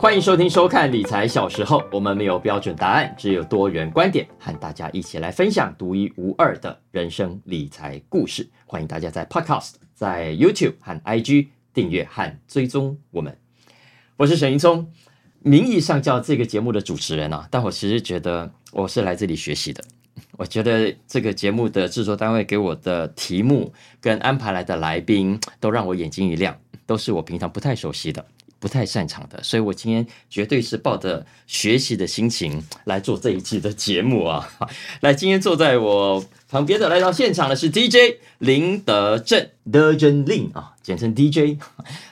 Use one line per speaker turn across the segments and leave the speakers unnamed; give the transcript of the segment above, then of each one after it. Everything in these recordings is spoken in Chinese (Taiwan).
歡迎收聽收看理財小時候，我們沒有標準答案，只有多元觀點，和大家一起來分享獨一無二的人生理財故事。歡迎大家在 Podcast、在 YouTube 和 IG 訂閱和追蹤我們。我是沈英聰，名義上叫這個節目的主持人啊，但我其實覺得我是來這裡學習的。我覺得這個節目的制作單位給我的題目跟安排來的來賓，都讓我眼睛一亮，都是我平常不太熟悉的。不太擅長的，所以我今天絕對是抱着學習的心情來做這一期的節目啊！ 來，今天坐在我旁邊的來到現場的是 DJ 林德政， 德政林啊，簡稱 DJ。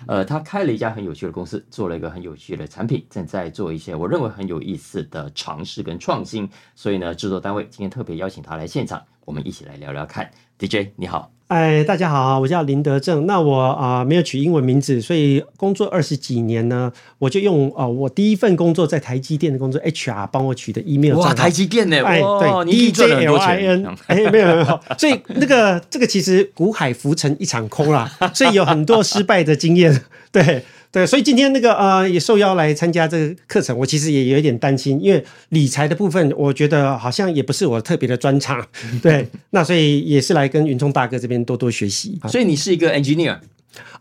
呃，他開了一家很有趣的公司，做了一個很有趣的產品，正在做一些我認為很有意思的嘗試跟創新。所以呢，制作單位今天特別邀請他來現場，我們一起來聊聊看。DJ 你好。
哎，大家好，我叫林德政。那我啊、呃、沒有取英文名字，所以工作二十幾年呢，我就用啊、呃、我第一份工作在台積電的工作 HR 幫我取的 email。哇，台積電呢？哎，對，D J L I N，、哎、沒有沒有沒有，所以那個這個其實股海浮沉一場空啦，所以有很多失敗的經驗，對。對，所以今天那個呃，也受邀來參加這個課程，我其實也有一點擔心，因為理財的部分，我覺得好像也不是我特別的專長。對， 那所以也是來跟雲中大哥這邊多多學習。所以你是一個 engineer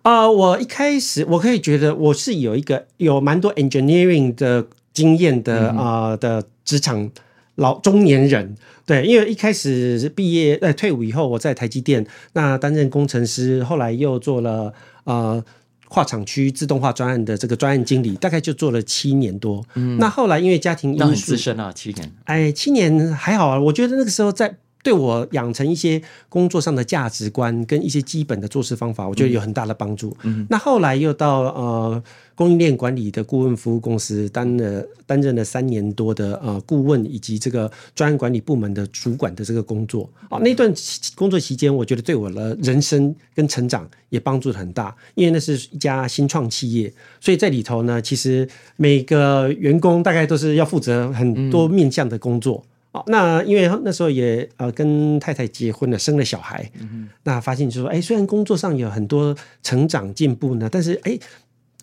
啊，我一開始我可以覺得我是有一個有蠻多 engineering 的經驗的啊、嗯呃、的職場老中年人。對，因為一開始畢業呃退伍以後，我在台積電那擔任工程師，後來又做了呃。跨廠區自動化專案的這個專案經理，大概就做了七年多。嗯、那後來因為家庭因素。嗯，那很資深啊，七年。哎，七年還好啊，我覺得那個時候在。對我養成一些工作上的價值觀跟一些基本的做事方法，我覺得有很大的幫助。嗯嗯、那後來又到呃供應鏈管理的顧問服務公司，擔了擔任了三年多的呃顧問，以及這個專案管理部門的主管的這個工作。啊、哦，那段工作期間，我覺得對我的人生跟成長也幫助很大，因為那是一家新創企業，所以在裡頭呢，其實每個員工大概都是要負責很多面向的工作。嗯哦，那因為那時候也呃跟太太結婚了，生了小孩，嗯哼，那發現就是說，哎、欸，雖然工作上有很多成長進步呢，但是哎、欸，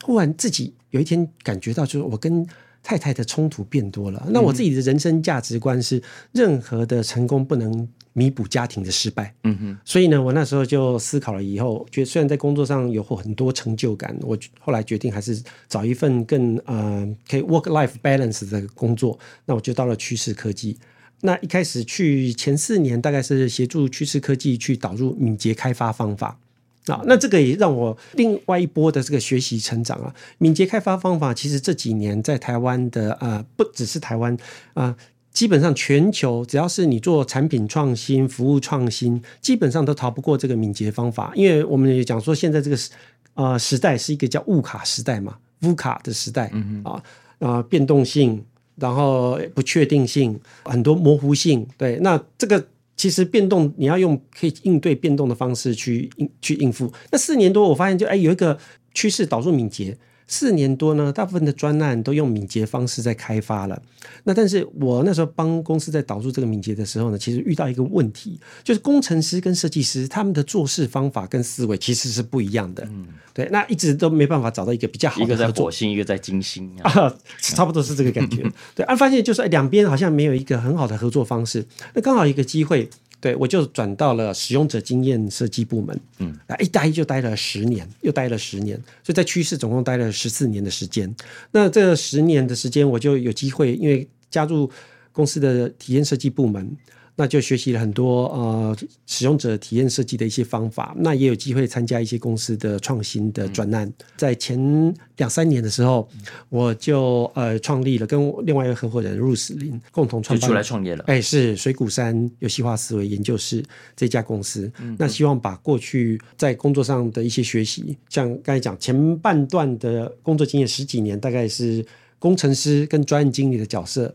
忽然自己有一天感覺到，就是我跟太太的衝突變多了。嗯、那我自己的人生價值觀是，任何的成功不能彌補家庭的失敗。嗯哼，所以呢，我那時候就思考了以後，覺得雖然在工作上有很多成就感，我後來決定還是找一份更呃可以 work-life balance 的工作，那我就到了趨勢科技。那一開始去前四年，大概是協助趨勢科技去導入敏捷開發方法啊。那這個也讓我另外一波的這個學習成長啊。敏捷開發方法其實這幾年在台灣的呃，不只是台灣啊、呃，基本上全球只要是你做產品創新、服務創新，基本上都逃不過這個敏捷方法。因為我們也講說，現在這個時呃時代是一個叫 VUCA 時代嘛，VUCA 的時代啊啊、嗯哼呃，變動性。然後不確定性很多模糊性，對，那這個其實變動你要用可以應對變動的方式去應去應付。那四年多我發現就哎有一個趨勢導入敏捷。四年多呢，大部分的專案都用敏捷方式在開發了。那但是我那時候幫公司在導入這個敏捷的時候呢，其實遇到一個問題，就是工程師跟設計師他們的做事方法跟思維其實是不一樣的。嗯，對，那一直都沒辦法找到一個比較好的，一個在火
星，一個在金星
啊， 差不多是這個感覺。嗯、 對，而、啊、發現就是兩邊、欸、好像沒有一個很好的合作方式。那剛好一個機會。對，我就轉到了使用者經驗設計部門，嗯，一待就待了十年，又待了十年，所以在趨勢總共待了十四年的時間。那這十年的時間，我就有機會，因為加入公司的體驗設計部門。那就學習了很多呃，使用者體驗設計的一些方法，那也有機會參加一些公司的創新的專案。嗯、在前兩三年的時候，嗯、我就呃創立了跟另外一個合夥人陸士林共同創辦，就出來創業了。欸、是水古杉遊戲化思維研究室這家公司。嗯、哼那希望把過去在工作上的一些學習，像剛才講前半段的工作經驗十幾年，大概是工程師跟專業經理的角色。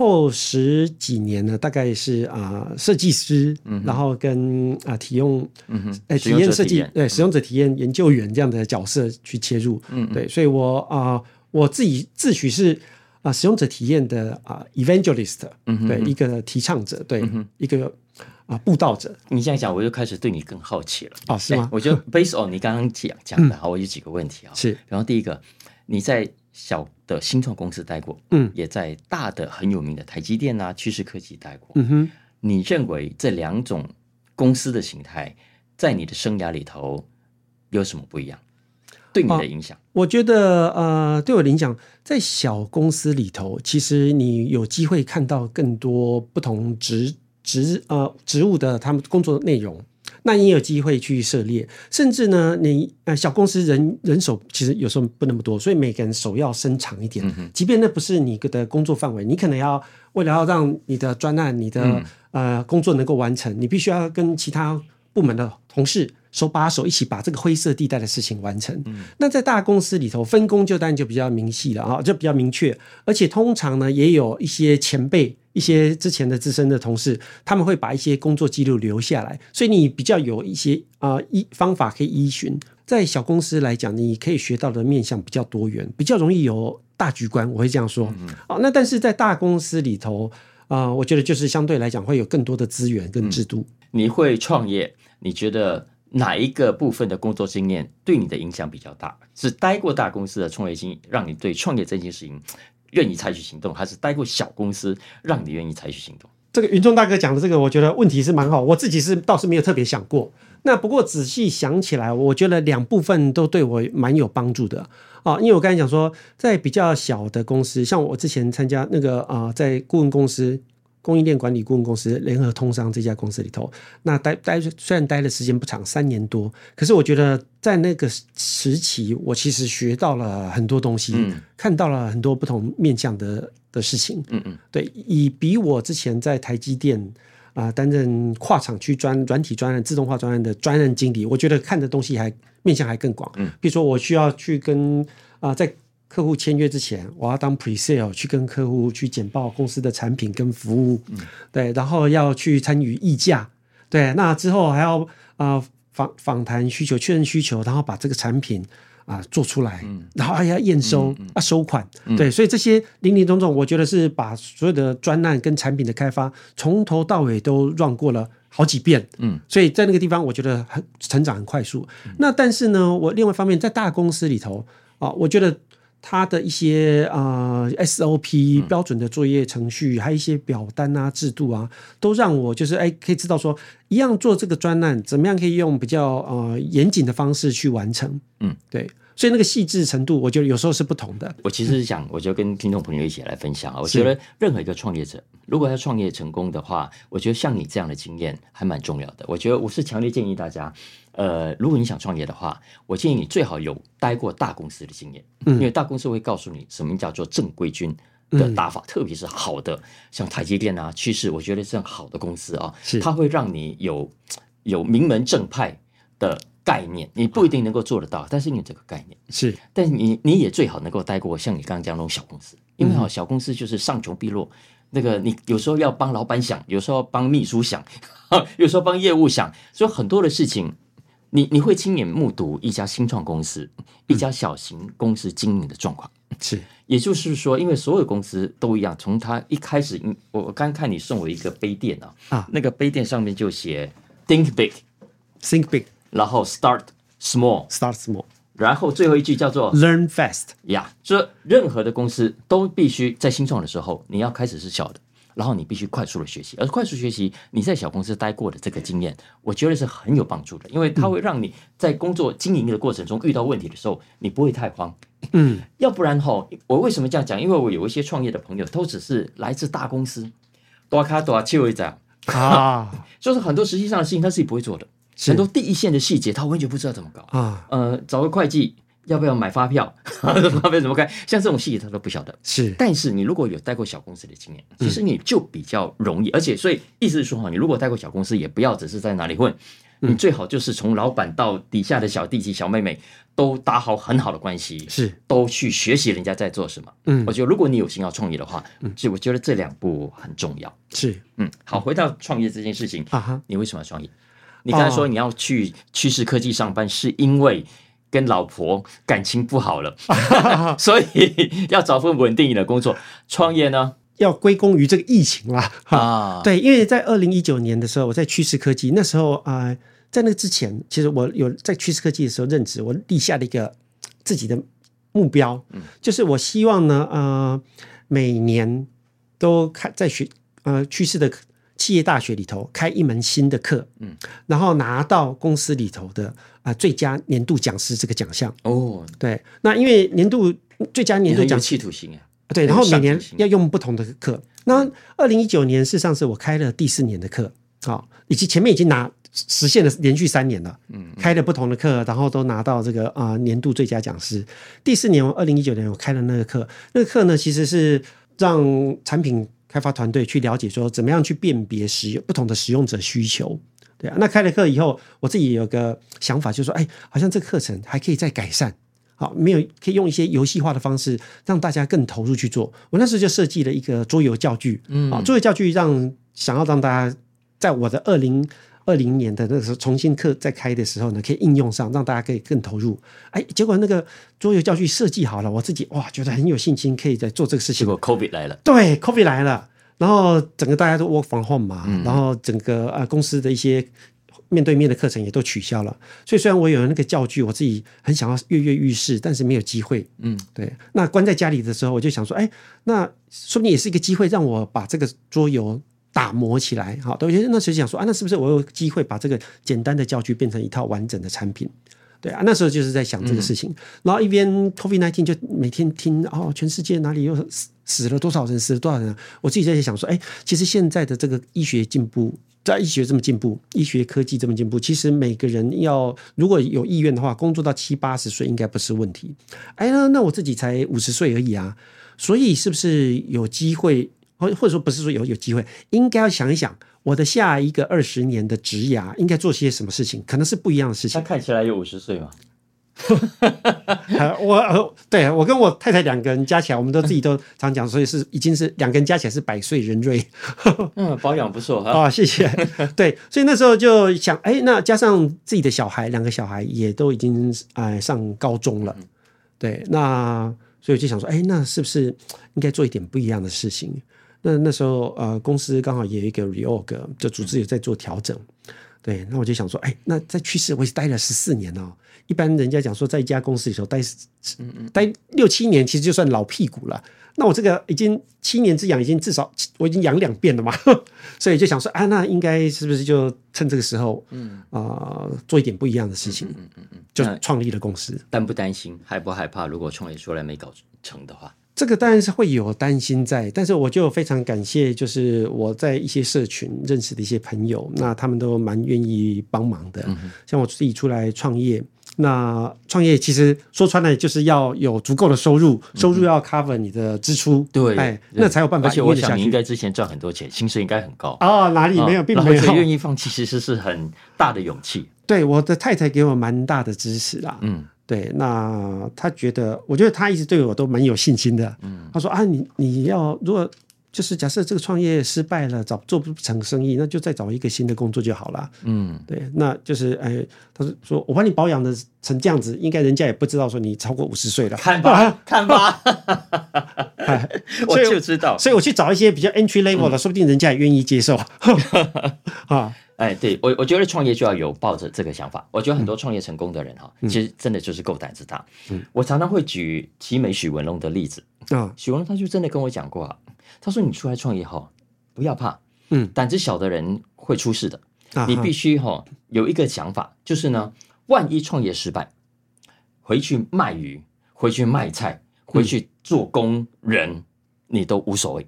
後十幾年呢，大概是啊設計師，然後跟啊體用，嗯，哎，體驗設計，對，使用者體驗研究員這樣的角色去切入，嗯，對，所以我啊我自己自詡是啊使用者體驗的啊 Evangelist，對，一個提倡者，對，一個啊佈道者。
你這樣講，我就開始對你更好奇了哦，是嗎？我就 based on 你剛剛講講的，然我有幾個問題啊，是，然後第一個你在。小的新創公司待過，嗯，也在大的很有名的台積電啊、趨勢科技待過。
嗯哼，
你認為這兩種公司的形態，在你的生涯裡頭有什麼不一樣？
對你的影響？哦，我覺得，呃，對我的影響，在小公司裡頭，其實你有機會看到更多不同職職呃職務的他們工作的內容。那你也有機會去涉獵，甚至呢，你呃小公司人人手其實有時候不那麼多，所以每個人手要伸長一點。即便那不是你的工作範圍，你可能要為了要讓你的專案、你的呃工作能夠完成，你必須要跟其他部門的同事手把手一起把這個灰色地帶的事情完成。嗯、那在大公司裡頭，分工就當然就比較明細了啊，就比較明確，而且通常呢也有一些前輩。一些之前的資深的同事，他們會把一些工作記錄留下來，所以你比較有一些啊、呃、方法可以依循。在小公司來講，你可以學到的面向比較多元，比較容易有大局觀。我會這樣說。嗯、哦，那但是在大公司裡頭，啊、呃，我覺得就是相對來講會有更多的資源跟制度。嗯、
你會創業，你覺得哪一個部分的工作經驗對你的影響比較大？是待過大公司的創業經驗，讓你對創業這件事情？願意採取行動，還是待過小公司，讓你願意採取行動？
這個雲中大哥講的這個，我覺得問題是蠻好。我自己是倒是沒有特別想過。那不過仔細想起來，我覺得兩部分都對我蠻有幫助的啊、哦。因為我剛才講說，在比較小的公司，像我之前參加那個啊、呃，在顧問公司。供應鏈管理顧問公司聯合通商這家公司裡頭，那待待雖然待的時間不長，三年多，可是我覺得在那個時期，我其實學到了很多東西，嗯、看到了很多不同面向的的事情。嗯嗯，對，以比我之前在台積電啊擔、呃、任跨廠區專軟體專案、自動化專案的專案經理，我覺得看的東西還面向還更廣。嗯，比如說我需要去跟啊、呃、在。客戶簽約之前，我要當 pre-sale 去跟客戶去簡報公司的產品跟服務，嗯、對，然後要去參與議價，對，那之後還要啊訪訪談需求、確認需求，然後把這個產品啊、呃、做出來，嗯、然後還要驗收啊、嗯嗯、收款，嗯、對，所以這些林林總總，我覺得是把所有的專案跟產品的開發從頭到尾都 run 過了好幾遍，嗯，所以在那個地方我覺得很成長很快速。嗯、那但是呢，我另外一方面在大公司裡頭啊、呃，我覺得。它的一些啊、呃、SOP 標準的作業程序，嗯、還有一些表單啊制度啊，都讓我就是哎、欸，可以知道說，一樣做這個專案，怎麼樣可以用比較呃嚴謹的方式去完成。嗯，對。所以那個細緻程度，我覺得有時候是不同的。
我其實是想，我就跟聽眾朋友一起來分享啊。是我覺得任何一個創業者，如果他創業成功的話，我覺得像你這樣的經驗還蠻重要的。我覺得我是強烈建議大家，呃，如果你想創業的話，我建議你最好有待過大公司的經驗，嗯、因為大公司會告訴你什麼叫做正規軍的打法，嗯、特別是好的，像台積電啊、趨勢，我覺得這樣好的公司啊，是它會讓你有有名門正派的。概念你不一定能夠做得到，啊、但是你有這個概念是，但你你也最好能夠待過像你剛剛講那種小公司，因為哈小公司就是上窮碧落，那個你有時候要幫老板想，有時候幫秘書想、啊，有時候幫業務想，所以很多的事情你你會親眼目睹一家新創公司、嗯、一家小型公司經營的狀況是，也就是說，因為所有公司都一樣，從他一開始，我剛剛看你送我一個杯墊啊，啊，那個杯墊上面就寫 think big，think big。然後 start small, start small，然後最後一句叫做 learn fast，呀，yeah, 說任何的公司都必須在新創的時候，你要開始是小的，然後你必須快速的學習，而快速學習，你在小公司待過的這個經驗，我覺得是很有幫助的，因為它會讓你在工作經營的過程中遇到問題的時候，嗯，你不會太慌。嗯，要不然哈，我為什麼這樣講？因為我有一些創業的朋友，都只是來自大公司，多卡多啊，臭一張啊，就是很多實際上的事情他自己不會做的。很多第一線的細節，他完全不知道怎麼搞啊。呃，找個會計要不要買發票？發票怎麼開？像這種細節，他都不曉得。是，但是你如果有帶過小公司的經驗，其實你就比較容易。而且，所以意思是說哈，你如果帶過小公司，也不要只是在哪裡混，你最好就是從老闆到底下的小弟弟、小妹妹都打好很好的關係，是，都去學習人家在做什麼。嗯，我覺得如果你有心要創業的話，所以我覺得這兩步很重要。是，嗯，好，回到創業這件事情哈，你為什麼要創業？你剛才說你要去趨勢科技上班，Oh. 是因為跟老婆感情不好了， 所以要找份穩定的工作。創業呢，要歸功
於這個疫情啦！Oh. 對，因為在二零一九年的時候，我在趨勢科技，那時候啊、呃，在那之前，其實我有在趨勢科技的時候任職，我立下了一個自己的目標，就是我希望呢，呃，每年都看在學呃趨勢的。企業大學裡頭開一門新的課，
嗯，
然後拿到公司裡頭的啊、呃、最佳年度講師這個獎項哦，對，那因為年度最佳年度講師有企圖
性啊，對，然後每年
要用不同的課，那二零一九年是上次我開了第四年的課，好、哦，以及前面已經拿實現了連續三年了，嗯，開了不同的課，然後都拿到這個啊、呃、年度最佳講師，第四年我二零一九年我開了那個課，那個課呢其實是讓產品。開發團隊去了解說怎麼樣去辨別使用不同的使用者需求，對啊。那開了課以後，我自己有個想法就是說，就說哎，好像這個課程還可以再改善，好，沒有可以用一些遊戲化的方式讓大家更投入去做。我那時就設計了一個桌遊教具，嗯，啊，桌遊教具讓想要讓大家在我的二零。二零年的那個時候重新課再開的時候呢，可以應用上，讓大家可以更投入。哎，結果那個桌遊教具設計好了，我自己哇覺得很有信心可以在做這個事情。結果 COVID 來了，對 COVID 來了，然後整個大家都 work from home 嘛，嗯、然後整個呃公司的一些面對面的課程也都取消了。所以雖然我有了那個教具，我自己很想要躍躍欲試，但是沒有機會。嗯，對。那關在家裡的時候，我就想說，哎，那說不定也是一個機會，讓我把這個桌遊打磨起來，好，等於那時候想說啊，那是不是我有機會把這個簡單的教具變成一套完整的產品？對啊，那時候就是在想這個事情。嗯、然後一邊 COVID-19 就每天聽哦，全世界哪裡又死、死了多少人，死了多少人？我自己在想說，哎、欸，其實現在的這個醫學進步，在醫學這麼進步，醫學科技這麼進步，其實每個人要如果有意願的話，工作到七八十歲應該不是問題。哎、欸、那、呃、那我自己才五十歲而已啊，所以是不是有機會？或或者說不是說有有機會，應該要想一想，我的下一個二十年的職涯應該做些什麼事情，可能是不一樣的事情。他看起來有五十歲嘛？ 我對，我跟我太太兩個人加起來，我們都自己都常講，所以是已經是兩個人加起來是百歲人瑞。 嗯，保養不錯啊、 哦，謝謝。對，所以那時候就想，哎，那加上自己的小孩，兩個小孩也都已經、呃、上高中了。對，那所以我就想說，哎，那是不是應該做一點不一樣的事情？那那時候，呃，公司剛好也有一個 reorg，就組織也在做調整。嗯、對，那我就想說，哎，那在趨勢，我已經待了十四年了、哦。一般人家講說，在一家公司裡頭待，嗯嗯，待六七年其實就算老屁股了。那我這個已經七年之癢，已經至少我已經癢兩遍了嘛。所以就想說，啊，那應該是不是就趁這個時候，嗯啊、呃，做一點不一樣的事情，嗯，嗯嗯嗯，就創立了公司。
擔不擔心？害不害怕？如果創業出來沒搞成的話？
這個當然是會有擔心在，但是我就非常感謝，就是我在一些社群認識的一些朋友，那他們都蠻願意幫忙的。像、嗯哼，我自己出來創業，那創業其實說穿了就是要有足夠的收入，嗯哼，收入要 cover 你的支出，對，哎，對，那才有辦法。而且得去，我想你應
該之前賺很多錢，薪水應該很高。哦，哪裡？沒有，並沒有，願意放棄，其實是很大的勇氣。
對，我的太太給我蠻大的支持啦。嗯。對，那他覺得，我覺得他一直對我都蠻有信心的。嗯，他說啊，你你要如果。就是假設這個創業失敗了，找做不成生意，那就再找一個新的工作就好了。嗯，對，那就是哎，他說說我把你保養的成這樣子，應該人家也不知道說你超過五十歲了，看吧，看吧。
我就知
道，所以我去找一些比較 entry level 的，說不定人家也願意接受。
啊，對我我覺得創業就要有抱着這個想法。我覺得很多創業成功的人哈，其實真的就是夠膽子大。嗯，我常常會舉奇美許文龍的例子。嗯，許文龍他就真的跟我講過。他說：“你出來創業哈，不要怕。嗯，膽子小的人會出事的。你必須哈有一個想法，就是呢，萬一創業失敗，回去賣魚，回去賣菜，回去做工人，嗯、你都無所謂。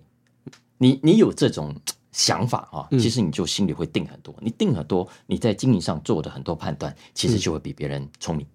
你你有這種想法哈，其實你就心裡會定很多。你定很多，你在經營上做的很多判斷，其實就會比別人聰明。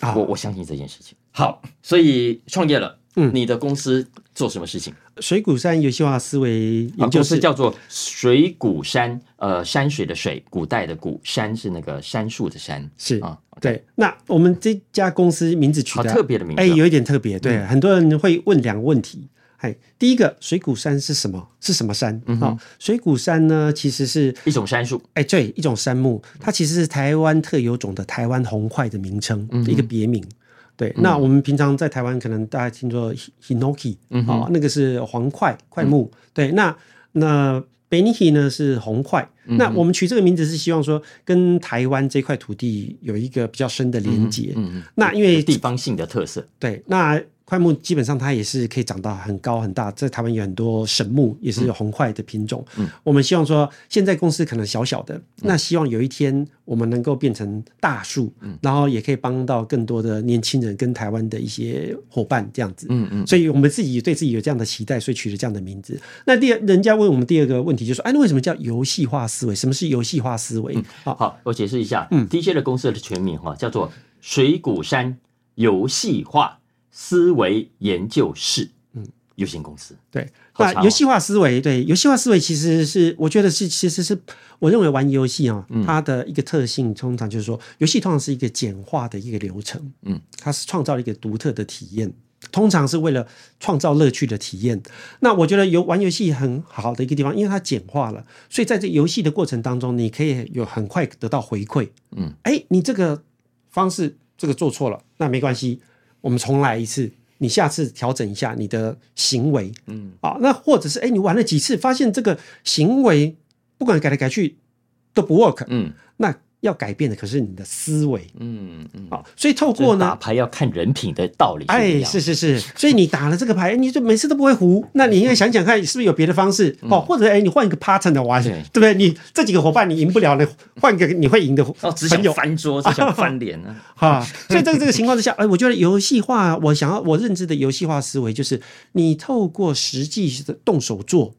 嗯、我我相信這件事情。好，所以創業了。”嗯，你的公司做什麼事情？
水古杉遊戲化思維研究室，公司叫
做水古杉，呃，山水的水，古代的古，杉是那個杉樹的杉，是啊，哦
okay，對。那我們這家公司名字取的特別的名字，哦，哎，有一點特別。對。對很多人會問兩個問題，哎，第一個水古杉是什麼？是什麼杉？啊、嗯哼，水古杉呢，其實是一種杉樹，哎，對，一種杉木，它其實是台灣特有種的台灣紅檜的名稱，一個別名。嗯對，那我們平常在台灣，可能大家聽說 hinoki，好，嗯哼哦，那個是黃檜、檜木。嗯、哼對，那那 benihi 呢是紅檜。嗯、哼那我們取這個名字是希望說跟台灣這塊土地有一個比較深的連結。嗯嗯哼。那因為地方性的特色。對，那。檜木基本上它也是可以長到很高很大，在台灣有很多神木也是紅檜的品種。嗯，嗯我們希望說現在公司可能小小的，嗯、那希望有一天我們能夠變成大樹，嗯、然後也可以幫到更多的年輕人跟台灣的一些伙伴這樣子。嗯嗯，嗯所以我們自己對自己有這樣的期待，所以取了這樣的名字。那第二，人家問我們第二個問題就說、是：“哎，那為什麼叫遊戲化思維？什麼是遊戲化思維？”好、嗯、好，我解釋一下。DJ 的公司的全
名哈叫做水古杉遊戲化。思維研究室，嗯，有限公司、嗯、
對，哦、那遊戲化思維對，遊戲化思維其實是我覺得是，其實是我認為玩遊戲啊，它的一個特性通常就是說，遊戲、嗯、通常是一個簡化的一個流程，嗯，它是創造了一個獨特的體驗，通常是為了創造樂趣的體驗。那我覺得遊玩遊戲很好的一個地方，因為它簡化了，所以在這遊戲的過程當中，你可以有很快得到回饋，嗯，哎、欸，你這個方式這個做錯了，那沒關係。我們重來一次，你下次調整一下你的行為，嗯啊，那或者是哎，你玩了幾次，發現這個行為不管改來改去都不 work，嗯，那。要改變的可是你的思維，嗯，嗯嗯，好，哦，所以透過呢，打牌要看人品的道理的，哎，是是是，所以你打了這個牌， 你就每次都不會胡，那你應該想想看，是不是有別的方式，嗯，哦，或者，哎，你換一個 partner 的玩對，對不對？你這幾個夥伴你贏不了了，換對個你會贏的。哦，只想翻桌，只想翻臉哈，啊 啊，所以在這個情況之下，哎，我覺得遊戲化，我想要我認知的遊戲化思維就是，你透過實際的動手做，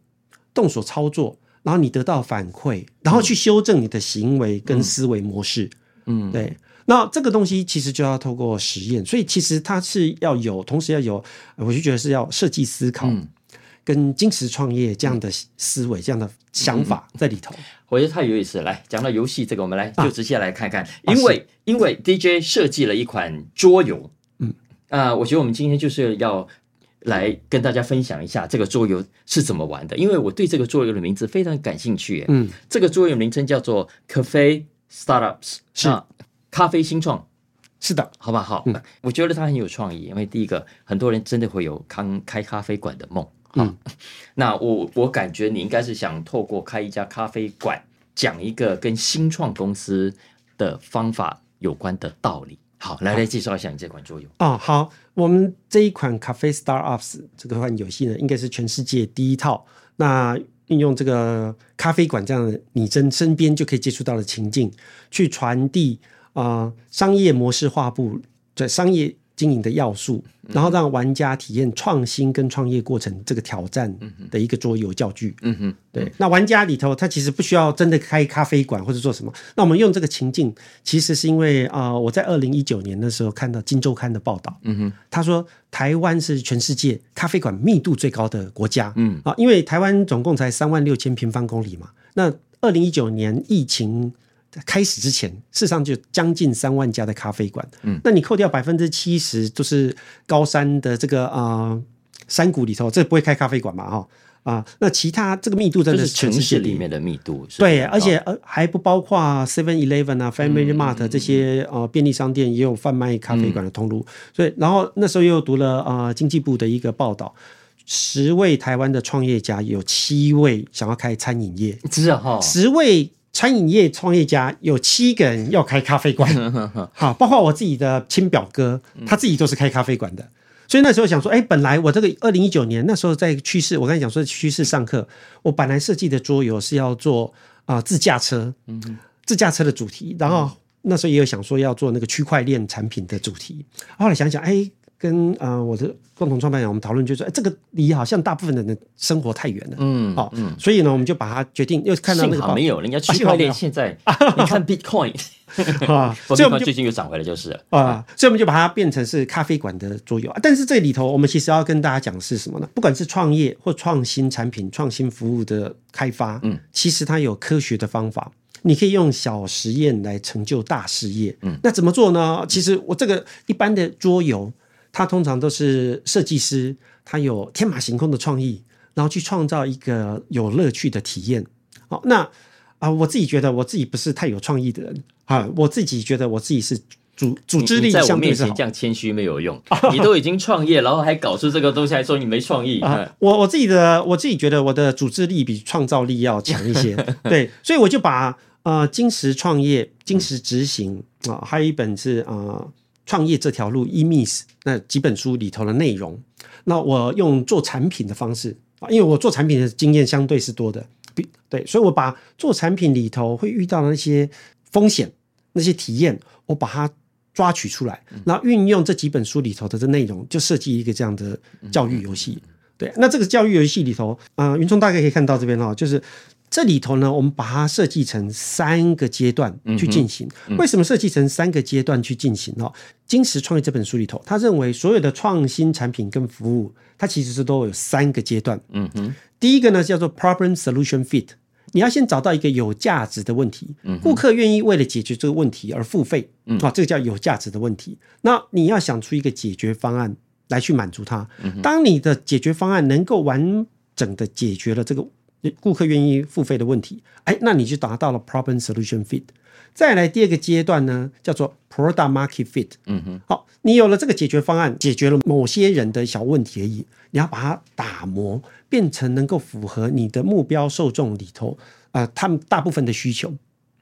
動手操作。然後你得到反饋，然後去修正你的行為跟思維模式，嗯，嗯對。那這個東西其實就要透過實驗，所以其實它是要有，同時要有，我就覺得是要設計思考、嗯、跟精實創業這樣的思維、嗯、這樣的想法在裡頭。
我覺得太有意思。來講到遊戲這個，我們來就直接來看看，啊、因為、啊、因為 DJ 設計了一款桌遊，嗯，啊、呃，我覺得我們今天就是要。來跟大家分享一下這個桌遊是怎麼玩的，因為我對這個桌遊的名字非常感興趣。嗯，這個桌遊名稱叫做 Cafe Startups，是啊，咖啡新創，是的，好吧，好，嗯，我覺得它很有創意，因為第一個，很多人真的會有開開咖啡館的夢。
好，嗯，
那我我感覺你應該是想透過開一家咖啡館，講一個跟新創公司的方法有關的道理。好，來來介紹一下你這款桌遊
啊。好，我們這一款《Cafe Starups》這個款遊戲呢，應該是全世界第一套。那運用這個咖啡館這樣的，你真身邊就可以接觸到的情境，去傳遞啊商業模式畫布，在商業。經營的要素，然後讓玩家體驗創新跟創業過程這個挑戰的一個桌遊教具。嗯哼，對，嗯，那玩家裡頭他其實不需要真的開咖啡館或者做什麼。那我們用這個情境，其實是因為啊、呃，我在二零一九年的時候看到《今周刊》的報道。嗯哼，他說台灣是全世界咖啡館密度最高的國家。嗯啊，因為台灣總共才三萬六千平方公里嘛。那二零一九年疫情，在開始之前，事實上就將近三萬家的咖啡館。嗯，那你扣掉百分之七十，就是高山的這個啊、呃、山谷裡頭，這不會開咖啡館嘛？哈、呃、啊，那其他這個密度真的是，全世界是城市裡面
的密度是不是？對
，oh、而且還不包括 Seven Eleven 啊、mm hmm. Family Mart 這些啊、呃、便利商店也有販賣咖啡館的通路。Mm hmm. 所以，然後那時候又讀了啊、呃、經濟部的一個報道，十位台灣的創業家有七位想要開餐飲業。你知道哈，十位。餐飲業創業家有七個人要開咖啡館，好，包括我自己的親表哥，他自己都是開咖啡館的。所以那時候想說，哎、欸，本來我這個二零一九年那時候在趨勢，我剛才講說趨勢上課，我本來設計的桌遊是要做啊、呃、自駕車，嗯，自駕車的主題。然後那時候也有想說要做那個區塊鏈產品的主題。後來想想，哎、欸。跟呃我的共同創辦人，我們討論就是、欸，這個離好像大部分人的生活太遠了，嗯，好、哦，嗯，所以呢，我們就把它決定，又看到幸好沒有人家區塊鏈現
在，你看 Bitcoin 啊，Bitcoin 最近又漲回來就是
啊，所以我們就把它變成是咖啡館的桌遊啊。但是這裡頭，我們其實要跟大家講是什麼呢？不管是創業或創新產品、創新服務的開發，嗯，其實它有科學的方法，你可以用小實驗來成就大事業，嗯，那怎麼做呢？其實我這個一般的桌遊。他通常都是設計師，他有天馬行空的創意，然後去創造一個有樂趣的體驗。好、哦，那啊、呃，我自己覺得我自己不是太有創意的人啊，我自己覺得我自己是組組織力，在我面前這樣
謙虛沒有用， 你都已經創業，然後還搞出這個東西，來說你沒創意。
我、 啊、我自己的我自己覺得我的組織力比創造力要強一些， 對，所以我就把呃精實創業、精實執行啊、哦，還有一本是啊。呃創業這條路，eMIS 那幾本書裡頭的內容，那我用做產品的方式啊，因為我做產品的經驗相對是多的，對，所以我把做產品裡頭會遇到的那些風險、那些體驗，我把它抓取出來，那運用這幾本書裡頭的這內容，就設計一個這樣的教育遊戲。對，那這個教育遊戲裡頭，啊、呃，雲聰大概可以看到這邊哈，就是。這裡頭呢，我們把它設計成三個階段去進行。嗯嗯、為什麼設計成三個階段去進行呢？精實創業這本書裡頭，他認為所有的創新產品跟服務，它其實是都有三個階段。嗯哼第一個呢叫做 Problem Solution Fit，你要先找到一個有價值的問題，顧客願意為了解決這個問題而付費，哇，這個叫有價值的問題。那你要想出一個解決方案來去滿足它。當你的解決方案能夠完整的解決了這個。顧客願意付費的問題，哎，那你就達到了 problem solution fit。再來第二個階段呢，叫做 product market fit。嗯哼，好，你有了這個解決方案，解決了某些人的小問題而已，你要把它打磨，變成能夠符合你的目標受眾裡頭，呃，他們大部分的需求，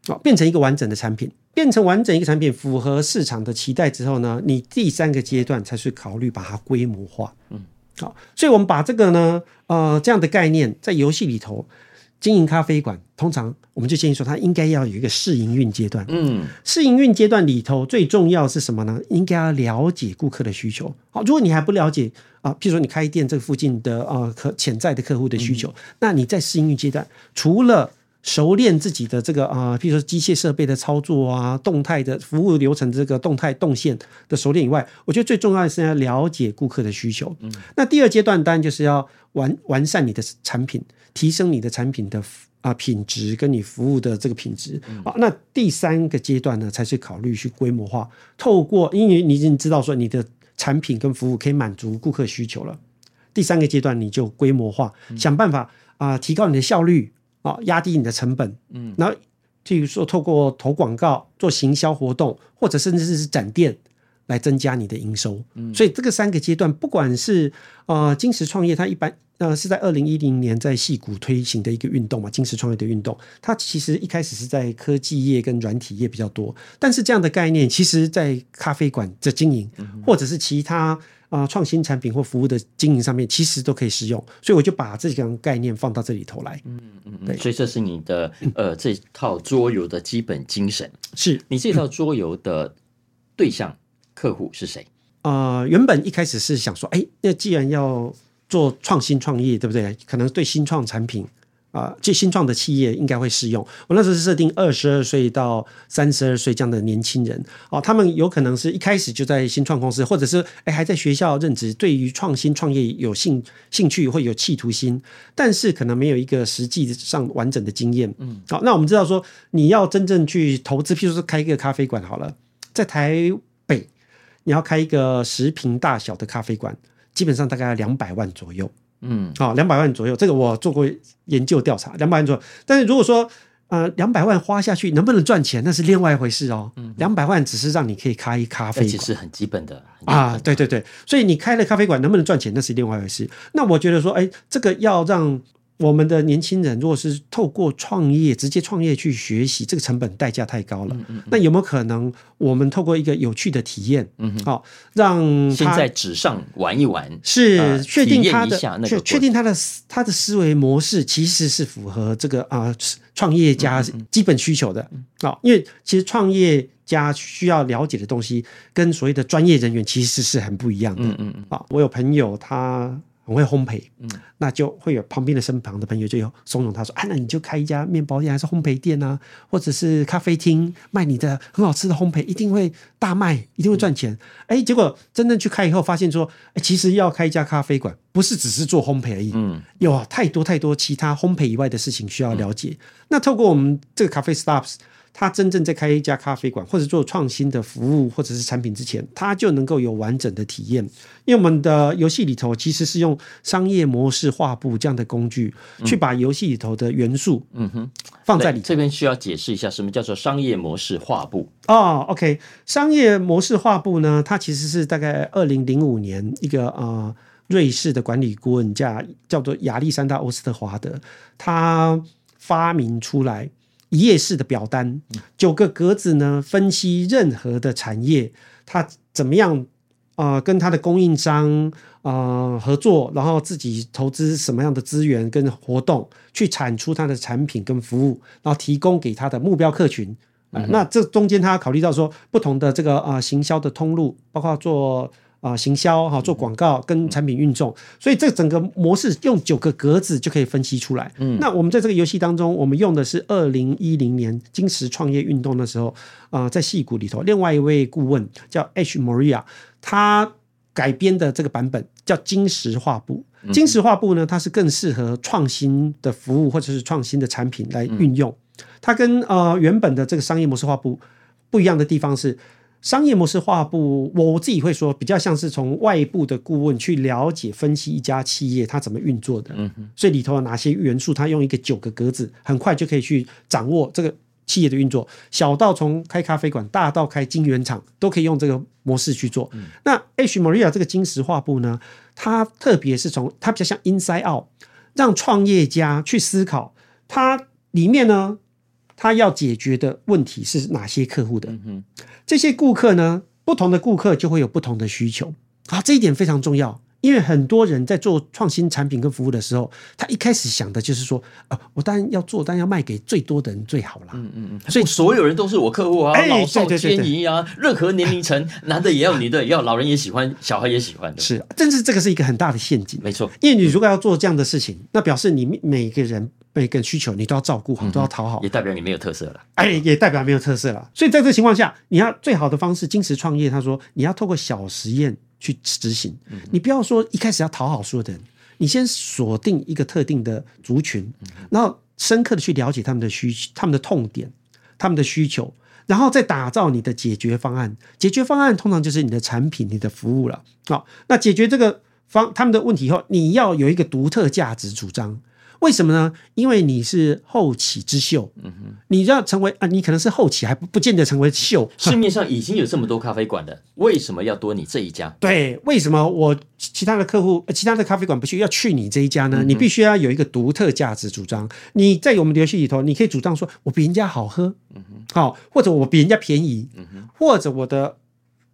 好，變成一個完整的產品，變成完整一個產品，符合市場的期待之後呢，你第三個階段才是考慮把它規模化。嗯。好，所以我們把這個呢，呃，這樣的概念在遊戲裡頭經營咖啡館，通常我們就建議說，它應該要有一個試營運階段。嗯，試營運階段裡頭最重要是什麼呢？應該要了解顧客的需求。好，如果你還不了解啊、呃，譬如說你開店這個附近的呃，客潛在的客戶的需求，嗯、那你在試營運階段除了熟練自己的這個啊，譬、呃、如說機械設備的操作啊，動態的服務流程這個動態動線的熟練以外，我覺得最重要的是要了解顧客的需求。嗯、那第二階段當然就是要完完善你的產品，提升你的產品的啊、呃、品質，跟你服務的這個品質、嗯哦。那第三個階段呢，才是考慮去規模化。透過，因為你已經知道說你的產品跟服務可以滿足顧客需求了，第三個階段你就規模化，嗯、想辦法啊、呃、提高你的效率。啊，壓低你的成本，嗯，然後，譬如說，透過投廣告、做行銷活動，或者甚至是展店，來增加你的營收。嗯，所以這個三個階段，不管是呃精實創業，它一般呃是在二零一零年在矽谷推行的一個運動嘛，精實創業的運動，它其實一開始是在科技業跟軟體業比較多，但是這樣的概念，其實在咖啡館的經營，嗯、哼或者是其他。啊，創、呃、新產品或服務的經營上面，其實都可以使用，所以我就把這幾個概念放到這裡頭來。
嗯嗯嗯，嗯對所以這是你的呃、嗯、這套桌遊的基本精神，是你這套桌遊的對象、嗯、客戶是誰？啊、
呃，原本一開始是想說，哎、欸，那既然要做創新創業，對不對？可能對新創產品。啊，這新創的企業應該會適用。我那時候是設定二十二歲到三十二歲這樣的年輕人，哦，他們有可能是一開始就在新創公司，或者是還在學校任職，對於創新創業有興興趣或有企圖心，但是可能沒有一個實際上完整的經驗。嗯，好，那我們知道說，你要真正去投資，譬如說開一個咖啡館好了，在台北你要開一個十坪大小的咖啡館，基本上大概兩百萬左右。嗯，好、哦，兩百萬左右，這個我做過研究調查，兩百萬左右。但是如果說，呃，兩百萬花下去能不能賺錢，那是另外一回事哦。嗯，兩百萬只是讓你可以開一咖啡館，其實很基本的。本的啊，對對對，所以你開了咖啡館能不能賺錢，那是另外一回事。那我覺得說，哎、欸，這個要讓。我們的年輕人，如果是透過創業直接創業去學習，這個成本代價太高了。嗯嗯嗯，那有沒有可能，我們透過一個有趣的體驗，好、嗯哼哦，讓他先在
紙上玩一玩，是、呃、確，確定他的確確定
他的他的思維模式其實是符合這個啊、呃、創業家基本需求的。好、嗯嗯哦，因為其實創業家需要了解的東西，跟所謂的專業人員其實是很不一樣的。嗯嗯、哦、我有朋友他。很會烘焙，嗯，那就會有旁邊的身旁的朋友就有慫恿他說：“啊，那你就開一家麵包店、啊、還是烘焙店呢、啊？或者是咖啡廳，賣你的很好吃的烘焙，一定會大賣，一定會賺錢。嗯”哎、欸，結果真正去開以後，發現說、欸，其實要開一家咖啡館，不是只是做烘焙而已，嗯，有、啊、太多太多其他烘焙以外的事情需要了解。嗯、那透過我們這個 Cafe Startups。他真正在開一家咖啡館，或者做創新的服務，或者是產品之前，他就能夠有完整的體驗。因為我們的遊戲裡頭其實是用商業模式畫布這樣的工具，嗯、去把遊戲裡頭的元素，嗯
哼，
放在裡。這邊需要解釋一下，什麼叫做商業模式畫布？
哦、oh,，OK，商業模式畫布呢，它其實是大概二零零五年，一個啊、呃、瑞士的管理顧問家，叫做亞歷山大·歐斯特華德，他發明出來。一頁式的表單，九個格子呢？分析任何的產業，它怎麼樣啊、呃？跟它的供應商啊、呃、合作，然後自己投資什麼樣的資源跟活動，去產出它的產品跟服務，然後提供給它的目標客群。嗯、哼那這中間他考慮到說，不同的這個啊、呃、行銷的通路，包括做。啊、呃，行銷哈、哦，做廣告跟產品運作，嗯、所以這整個模式用九個格子就可以分析出來。嗯，那我們在這個遊戲當中，我們用的是二零一零年精實創業運動的時候，啊、呃，在矽谷裡頭，另外一位顧問叫 Ash Maurya，他改編的這個版本叫精實畫布。嗯、精實畫布呢，它是更適合創新的服務或者是創新的產品來運用。嗯、它跟呃原本的這個商業模式畫布不一樣的地方是。商業模式畫布，我自己會說比較像是從外部的顧問去了解分析一家企業它怎麼運作的，所以裡頭有哪些元素，它用一個九個格子，很快就可以去掌握這個企業的運作。小到從開咖啡館，大到開晶圓廠，都可以用這個模式去做。嗯、那 Ash Maurya 這個精實畫布呢，它特別是從它比較像 Inside Out，讓創業家去思考它裡面呢。他要解決的問題是哪些客戶的？嗯、哼這些顧客呢？不同的顧客就會有不同的需求啊！這一點非常重要，因為很多人在做創新產品跟服務的時候，他一開始想的就是說：啊，我當然要做，當然要賣給最多的人最好
啦。嗯嗯嗯，所以所有人都是我客戶啊，哎、老少皆宜啊，對對對對任何年齡層，唉男的也要你的，女的也要，老人也喜歡，唉小孩也喜歡的。是、啊，
真是這個是一個很大的陷阱。沒錯，因為你如果要做這樣的事情，嗯、那表示你每一個人。每個需求你都要照顧好，嗯、哼都要討好，
也代表你沒有特色了。
哎、欸，也代表沒有特色了。所以在這個情況下，你要最好的方式精實創業。他說，你要透過小實驗去執行。嗯、哼你不要說一開始要討好所有的人，你先鎖定一個特定的族群，然後深刻的去了解他們的需、他們的痛點、他們的需求，然後再打造你的解決方案。解決方案通常就是你的產品、你的服務了。好，那解決這個方他們的問題以後，你要有一個獨特價值主張。為什麼呢？因為你是後起之秀，你就要成為啊，你可能是後起，還不見得成為秀。市面上已
經有這麼多咖啡館了，為什麼要多你這一家？
對，為什麼我其他的客戶、其他的咖啡館不去，要去你這一家呢？你必須要有一個獨特價值主張。嗯哼，你在我們的遊戲裡頭，你可以主張說我比人家好喝，嗯哼，好，或者我比人家便宜，嗯哼，或者我的。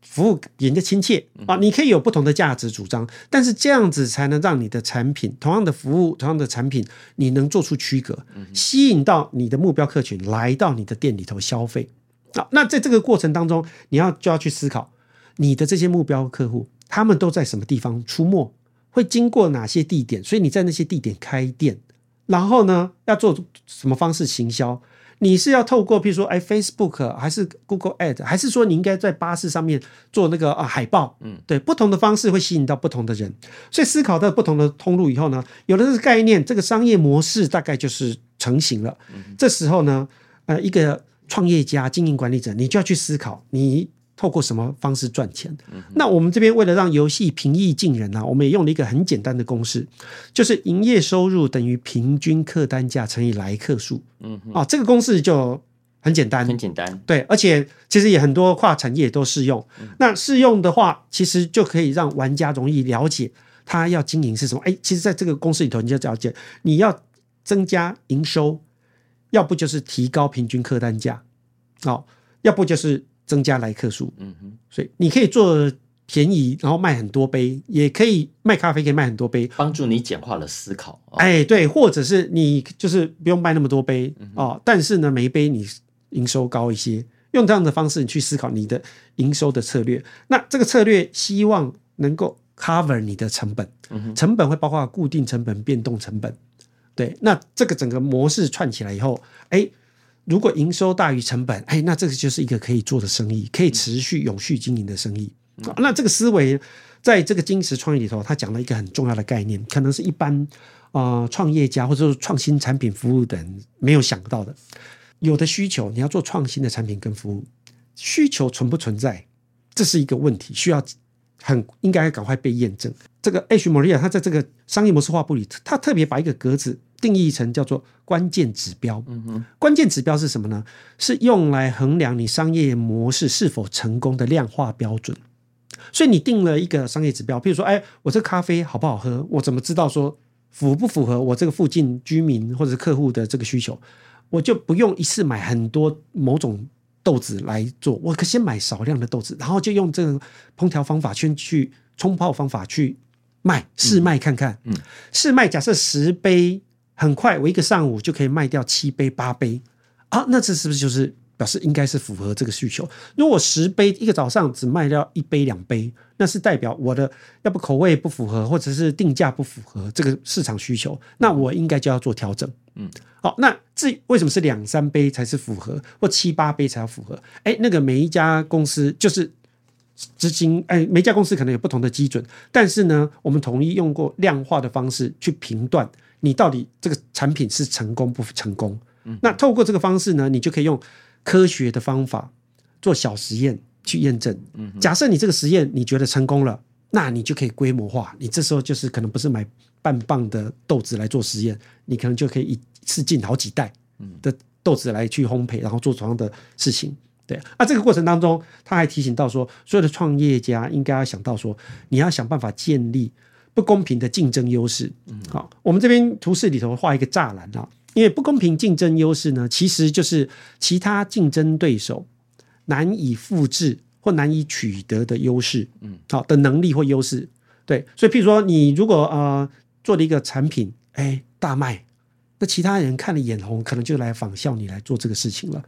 服務人家親切啊，你可以有不同的價值主張，但是這樣子才能讓你的產品，同樣的服務，同樣的產品，你能做出區隔，吸引到你的目標客群來到你的店裡頭消費啊。那在這個過程當中，你要就要去思考你的這些目標客戶，他們都在什麼地方出沒，會經過哪些地點，所以你在那些地點開店，然後呢，要做什麼方式行銷。你是要透過，譬如說，哎，Facebook，還是 Google Ad，還是說你應該在巴士上面做那個啊海報？嗯，對，不同的方式會吸引到不同的人，所以思考到不同的通路以後呢，有了這個概念，這個商業模式大概就是成型了。這時候呢，呃，一個創業家、經營管理者，你就要去思考你。透過什麼方式賺錢？嗯、哼那我們這邊為了讓遊戲平易近人呢、啊，我們也用了一個很簡單的公式，就是營業收入等於平均客單價乘以來客數。嗯哼，啊、哦，這個公式就很簡單，很簡單。對，而且其實也很多跨產業都適用。嗯、哼那適用的話，其實就可以讓玩家容易了解他要經營是什麼。哎、欸，其實在這個公式裡頭，你就了解你要增加營收，要不就是提高平均客單價，哦，要不就是。增加來客數，嗯哼，所以你可以做便宜，然後賣很多杯，也可以賣咖啡，可以賣很多杯，幫助你簡化的思考。哦，哎，對，或者是你就是不用賣那麼多杯，哦，但是呢，每一杯你營收高一些，用這樣的方式你去思考你的營收的策略。那這個策略希望能夠 cover 你的成本，成本會包括固定成本、變動成本，對。那這個整個模式串起來以後，哎。如果營收大於成本，哎，那這個就是一個可以做的生意，可以持續永續經營的生意。嗯、那這個思維在這個精實創業裡頭，他講了一個很重要的概念，可能是一般啊創、呃、業家或者創新產品服務的人沒有想到的。有的需求，你要做創新的產品跟服務，需求存不存在，這是一個問題，需要很應該要趕快被驗證。這個 Ash Maurya 他在這個商業模式畫布裡，他特別把一個格子，定義成叫做關鍵指標。嗯哼，關鍵指標是什麼呢？是用來衡量你商業模式是否成功的量化標準。所以你定了一個商業指標，譬如說，哎、欸，我這咖啡好不好喝？我怎麼知道說符不符合我這個附近居民或者客戶的這個需求？我就不用一次買很多某種豆子來做，我可先買少量的豆子，然後就用這種烹調方法先去沖泡方法去賣，試賣看看。嗯，試、嗯、試賣假設十杯。很快，我一個上午就可以賣掉七杯八杯啊，那這是不是就是表示應該是符合這個需求？如果十杯一個早上只賣掉一杯兩杯，那是代表我的要不口味不符合，或者是定價不符合這個市場需求，那我應該就要做調整。嗯，好，那至於為什麼是兩三杯才是符合，或七八杯才要符合？哎、欸，那個每一家公司就是資金，哎、欸，每一家公司可能有不同的基準，但是呢，我們同意用過量化的方式去評斷。你到底這個產品是成功不成功？嗯、哼那透過這個方式呢，你就可以用科學的方法做小實驗去驗證。嗯、哼假設你這個實驗你覺得成功了，那你就可以規模化。你這時候就是可能不是買半磅的豆子來做實驗，你可能就可以一次進好幾袋的豆子來去烘焙，然後做同樣的事情。對，那、啊、這個過程當中，他還提醒到說，所有的創業家應該要想到說，嗯、你要想辦法建立不公平的競爭優勢。好，我們這邊圖示裡頭畫一個柵欄啊，因為不公平競爭優勢呢，其實就是其他競爭對手難以複製或難以取得的優勢，嗯，好的能力或優勢。對，所以譬如說你如果呃做了一個產品哎、欸、大賣，那其他人看了眼紅，可能就來仿效你來做這個事情了。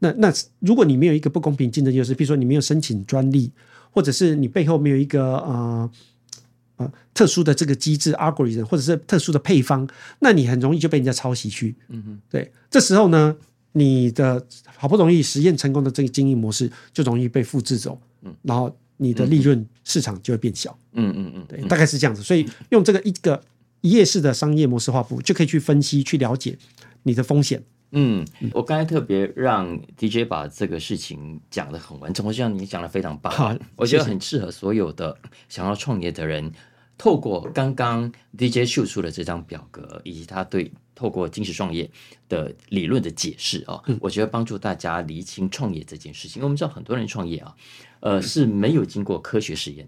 那那如果你沒有一個不公平競爭優勢，譬如說你沒有申請專利，或者是你背後沒有一個啊。呃啊、嗯，特殊的這個機制 algorithm 或者是特殊的配方，那你很容易就被人家抄襲去。嗯嗯哼，對。這時候呢，你的好不容易實驗成功的這個經營模式，就容易被複製走。嗯，然後你的利潤市場就會變小。嗯嗯
哼嗯，對，大概是
這樣子。所以用這個一個一頁式的商業模式畫布，就可以去分析、去了解你的風險。
嗯，我剛才特別讓 DJ 把這個事情講得很完整，我覺得你講得非常棒，好我覺得很適合所有的想要創業的人。透過剛剛 DJ 秀出的這張表格，以及他對透過精實創業的理論的解釋哦，我覺得幫助大家釐清創業這件事情。因為我們知道很多人創業啊，呃是沒有經過科學實驗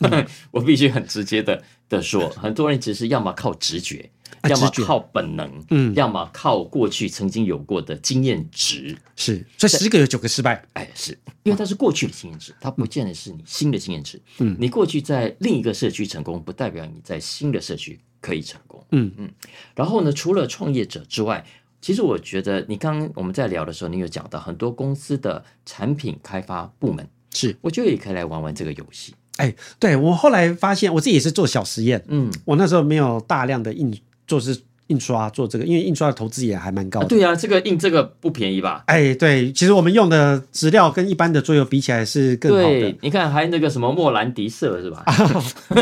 的。 我必須很直接的的說，很多人只是要麼靠直覺。要麼靠本能，嗯，要麼靠過去曾經有過的經驗值，是，所以十個有九個失敗，哎，是因為它是過去的經驗值，它不見得是你新的經驗值，嗯，你過去在另一個社區成功，不代表你在新的社區可以成功，嗯嗯。然後呢，除了創業者之外，其實我覺得你剛剛我們在聊的時候，你有講到很多公司的產品開發部門，是，我就
也可以來玩玩這個遊戲，哎，對，我後來發現我自己也是做小實驗，嗯，我那時候沒有大量的應。做是印刷做這個，因為印刷的投資也還蠻高的。對
啊，這個印這個不便宜吧？哎、
欸，對，其實我們用的紙料跟一般的桌遊比起來是更好的。對，
你看，還有那個什麼莫蘭迪色是吧？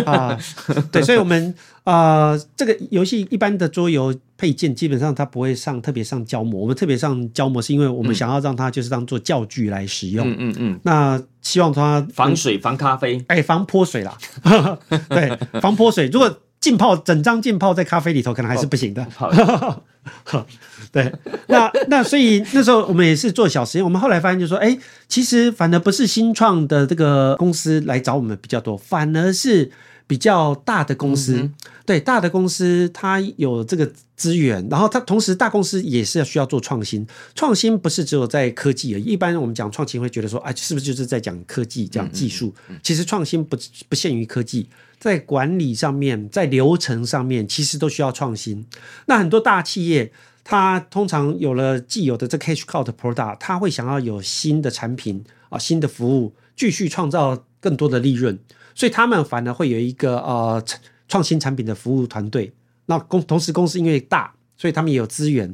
啊、
呃，對，所以我們啊、呃，這個遊戲一般的桌遊配件基本上它不會上特別上膠膜，我們特別上膠膜是因為我們想要讓它就是當做教具來使用。嗯嗯嗯。嗯嗯，那希望它防水、防咖啡，哎、欸，防潑水啦。 對，防潑水。如果浸泡整張浸泡在咖啡裡頭，可能還是不行的。哦、好的， 對，那那所以那時候我們也是做小實驗， 我們後來發現就說，哎、欸，其實反而不是新創的這個公司來找我們比較多，反而是。比較大的公司，嗯、哼對大的公司，它有這個資源，然後它同時大公司也是需要做創新。創新不是只有在科技而已，一般我們講創新會覺得說啊，是不是就是在講科技、講技術？嗯、哼其實創新不不限於科技，在管理上面，在流程上面，其實都需要創新。那很多大企業，它通常有了既有的這個 cash cow product，它會想要有新的產品啊，新的服務，繼續創造更多的利潤。所以他們反而會有一個呃創新產品的服務團隊。那公同時公司因為大，所以他們也有資源，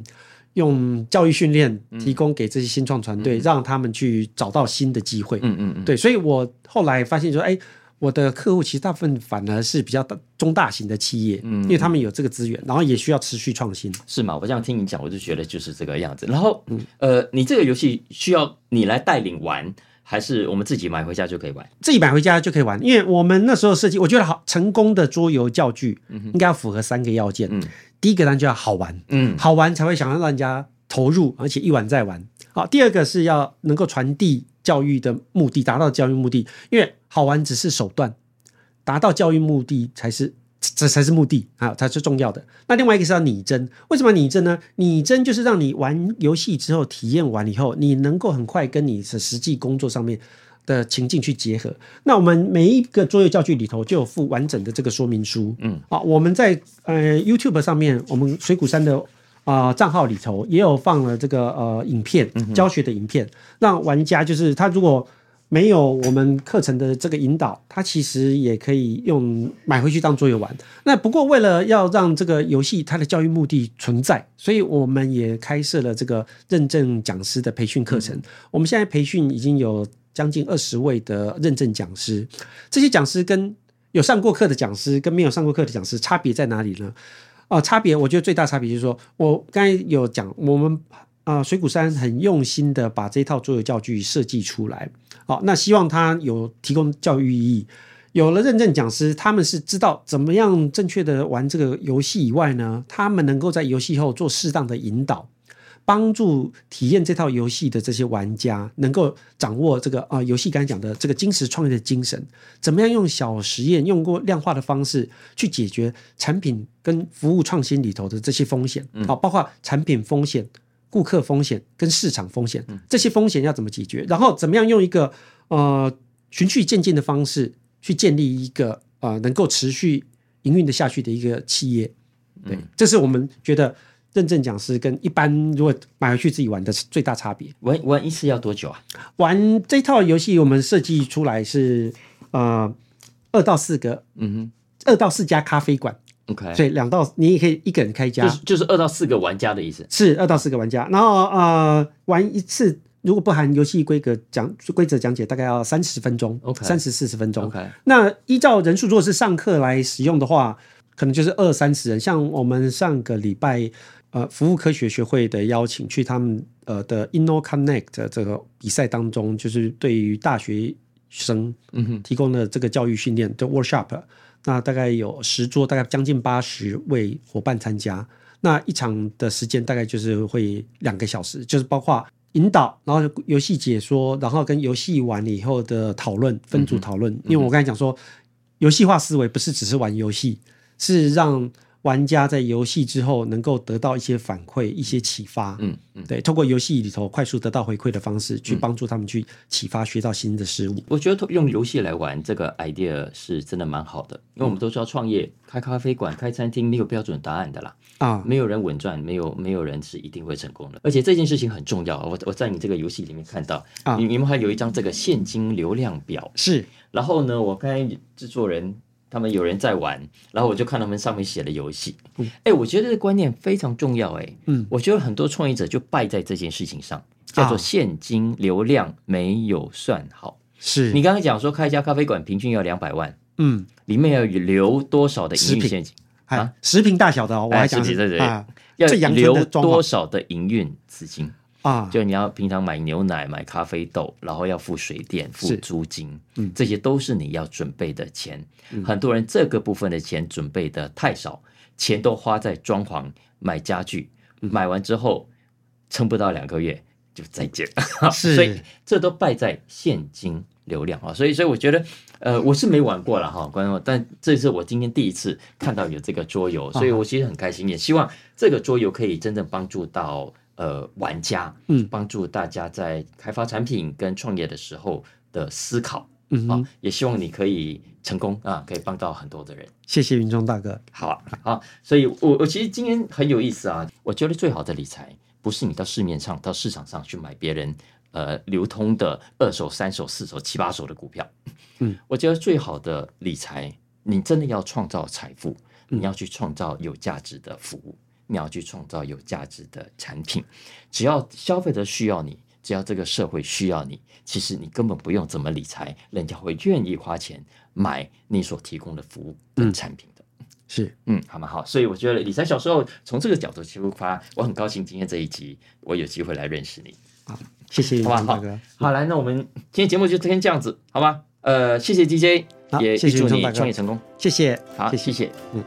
用教育訓練提供給這些新創團隊，嗯嗯嗯、讓他們去找到新的機會。嗯嗯嗯。嗯嗯對，所以我後來發現說，說、欸、哎，我的客戶其實大部分反而是比較大中大型的企業，嗯、因為他們有這個資源，然後也需要持續創新。是嗎？我這樣聽你講，我就覺得就是這個樣子。然
後，呃，你這個遊戲需要你來帶領玩，還是我們自己買回家就可
以玩？自己買回家就可以玩，因為我們那時候設計，我覺得好成功的桌遊教具，應該要符合三個要件。嗯，第一個當然就要好玩，嗯，好玩才會想要讓人家投入，而且一玩再玩。好，第二個是要能夠傳遞教育的目的，達到教育目的，因為好玩只是手段，達到教育目的才是。這才是目的啊，才是重要的。那另外一個是要擬真，為什麼擬真呢？擬真就是讓你玩遊戲之後體驗完以後，你能夠很快跟你的實際工作上面的情境去結合。那我們每一個桌遊教具裡頭就有附完整的這個說明書。嗯，啊，我們在呃 YouTube 上面，我們水古杉的啊賬、呃、號裡頭也有放了這個呃影片教學的影片，嗯、哼讓玩家就是他如果。沒有我們課程的這個引導，他其實也可以用買回去當桌遊玩。那不過為了要讓這個遊戲它的教育目的存在，所以我們也開設了這個認證講師的培訓課程。嗯、我們現在培訓已經有將近二十位的認證講師。這些講師跟有上過課的講師跟沒有上過課的講師差別在哪裡呢？哦、呃，差別我覺得最大差別就是說，我剛才有講我們。啊、呃，水古杉很用心的把這套桌遊教具設計出來，好、哦，那希望他有提供教育意義。有了認證講師，他們是知道怎麼樣正確的玩這個遊戲以外呢，他們能夠在遊戲後做適當的引導，幫助體驗這套遊戲的這些玩家能夠掌握這個啊、呃，遊戲剛才講的這個精實創業的精神，怎麼樣用小實驗、用過量化的方式去解決產品跟服務創新裡頭的這些風險好、嗯哦，包括產品風險。顧客風險跟市場風險，這些風險要怎麼解決？然後怎麼樣用一個呃循序漸進的方式去建立一個呃能夠持續營運的下去的一個企業？對，嗯，這是我們覺得認證講師跟一般如果買回去自己玩的最大差別。玩玩一次要多久啊？玩這套遊戲我們設計出來是呃二到四個，嗯哼，二到四家咖啡館。OK，所以兩到你也可以一個人開家，就是
就是二到四個玩家的意思，
是二到四個玩家。然後呃，玩一次，如果不含遊戲規格講規則講解，大概要三十分鐘，OK，三十四十分鐘。OK，那依照人數，如果是上課來使用的話，OK，可能就是二三十人。像我們上個禮拜，呃，服務科學學會的邀請去他們呃的 Inno Connect 這個比賽當中，就是對於大學生，嗯哼，提供了這個教育訓練就 Workshop。Mm hmm. 就 work 那大概有十桌，大概將近八十位夥伴參加。那一場的時間大概就是會兩個小時，就是包括引導，然後遊戲解說，然後跟遊戲玩了以後的討論，分組討論。嗯嗯、因為我剛才講說，遊戲化思維不是只是玩遊戲，是讓。玩家在遊戲之後能夠得到一些反饋、一些啟發，嗯嗯，嗯對，通過遊戲裡頭快速得到回饋的方式，嗯、去幫助他們去啟發、學到新的事物。我覺得用
遊戲來玩這個 idea 是真的蠻好的，因為我們都知道創業、嗯、開咖啡館、開餐廳沒有標準答案的啦，啊、嗯，沒有人穩賺，沒有沒有人是一定會成功的。而且這件事情很重要，我我在你這個遊戲裡面看到，啊、嗯，你你們還有一張這個現金流量表是，然後呢，我剛才製作人。他們有人在玩，然後我就看他們上面寫的遊戲。哎、欸，我覺得這個觀念非常重要、欸。哎，嗯，我覺得很多創業者就敗在這件事情上，啊、叫做現金流量沒有算好。是你剛剛講說，開一家咖啡館平均要兩百萬，嗯，裡面要留多少的營運現金食
品啊？十坪大小的、哦，我還講啊，對對對啊，要留多
少的營運資金？啊，就你要平常買牛奶、買咖啡豆，然後要付水電、付租金，嗯、這些都是你要準備的錢。嗯、很多人這個部分的錢準備的太少，嗯、錢都花在裝潢、買家具，買完之後撐不到兩個月就再見。是， 所以這都敗在現金流量啊。所以，所以我覺得，呃，我是沒玩過了哈、哦，觀眾，但這是我今天第一次看到有這個桌遊，所以我其實很開心，也希望這個桌遊可以真正幫助到。呃，玩家，嗯，幫助大家在開發產品跟創業的時候的思考，嗯、啊，也希望你可以成功啊，可以幫到很多的人。
謝謝雲中大哥，
好啊，好啊，所以我，我我其實今天很有意思啊，我覺得最好的理財不是你到市面上到市場上去買別人呃流通的二手、三手、四手、七八手的股票，嗯，我覺得最好的理財，你真的要創造財富，你要去創造有價值的服務。你要去創造有價值的產品，只要消費者需要你，只要這個社會需要你，其實你根本不用怎麼理財，人家會願意花錢買你所提供的服務跟產品的、嗯、是，嗯，好嘛，好，所以我覺得理財小時候從這個角度出發，我很高興今天這一集我有機會來認識你，好，謝謝，好，吧嗯、好，好的，好來，那我們今天節目就先這樣子，好嗎？呃，謝謝 DJ，好也謝謝祝你創業成功，謝謝，好，謝謝，嗯。